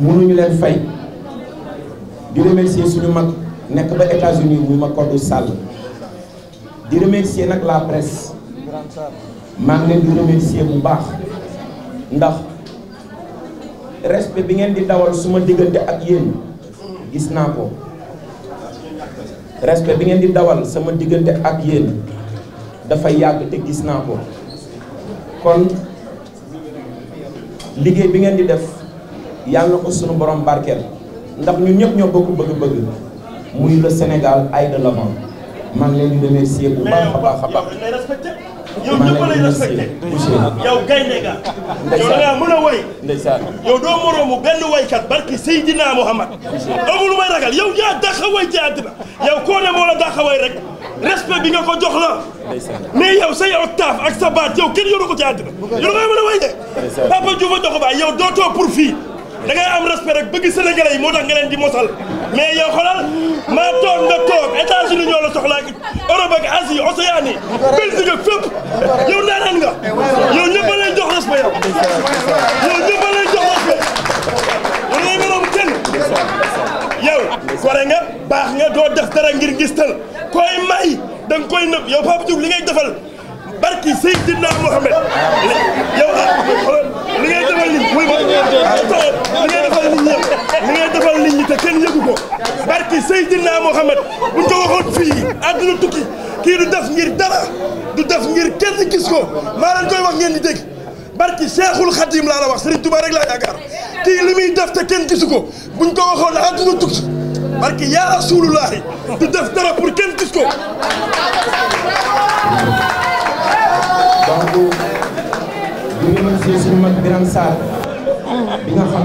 ñu leen fay di remercier suñu mag nek ba États-Unis muy Macodou Sall di remercier nak la presse ma ngi leen di remercier bu baax ndax respect bi ngeen di dawal suma digënté ak yeen gis na ko respect bi ngeen di dawal sama digënté ak yéen dafa yag te gis na ko kon liggéey bi ngeen di def yàlla na ko sunu borom barkeel ndax ñu ñëpp ñoo bokk bëgg-bëgg muy le Sénégal ay de l'avant man leen di remercier bu baax a baax a da ngaa a woy ndeysaan yow doo moroomu moo la dàqa rek respect bi nga ko jox la mais yow say octave ak sa baat yow kenn yoru ko ci àddina yow da a a dox dootoo pour fii respect ak bëgg sénégalais yi moo tax nga leen di mosal mais yow xoolal maa toog nga toog États-Unis ñoo la soxla ak Europe ak Asie Océanie Belgique ak fépp yow naanaan nga yow ñëpp lay jox respect yow yow ñëpp lay jox respect yow lay mënoon kenn yow gore nga baax nga doo def dara ngir gistal koy may da nga koy nëb yow Pape Diouf li ngay defal barki Seydina Mohamed Seydina Mohamed buñ ko def ngir ko maa ngeen dégg barki Seexul Xadim laa la wax Serigne Touba rek laa yaakaar kii li muy def te kenn ko buñ ko waxoon àdduna barki yaa Rasulullahi du def dara pour kenn gis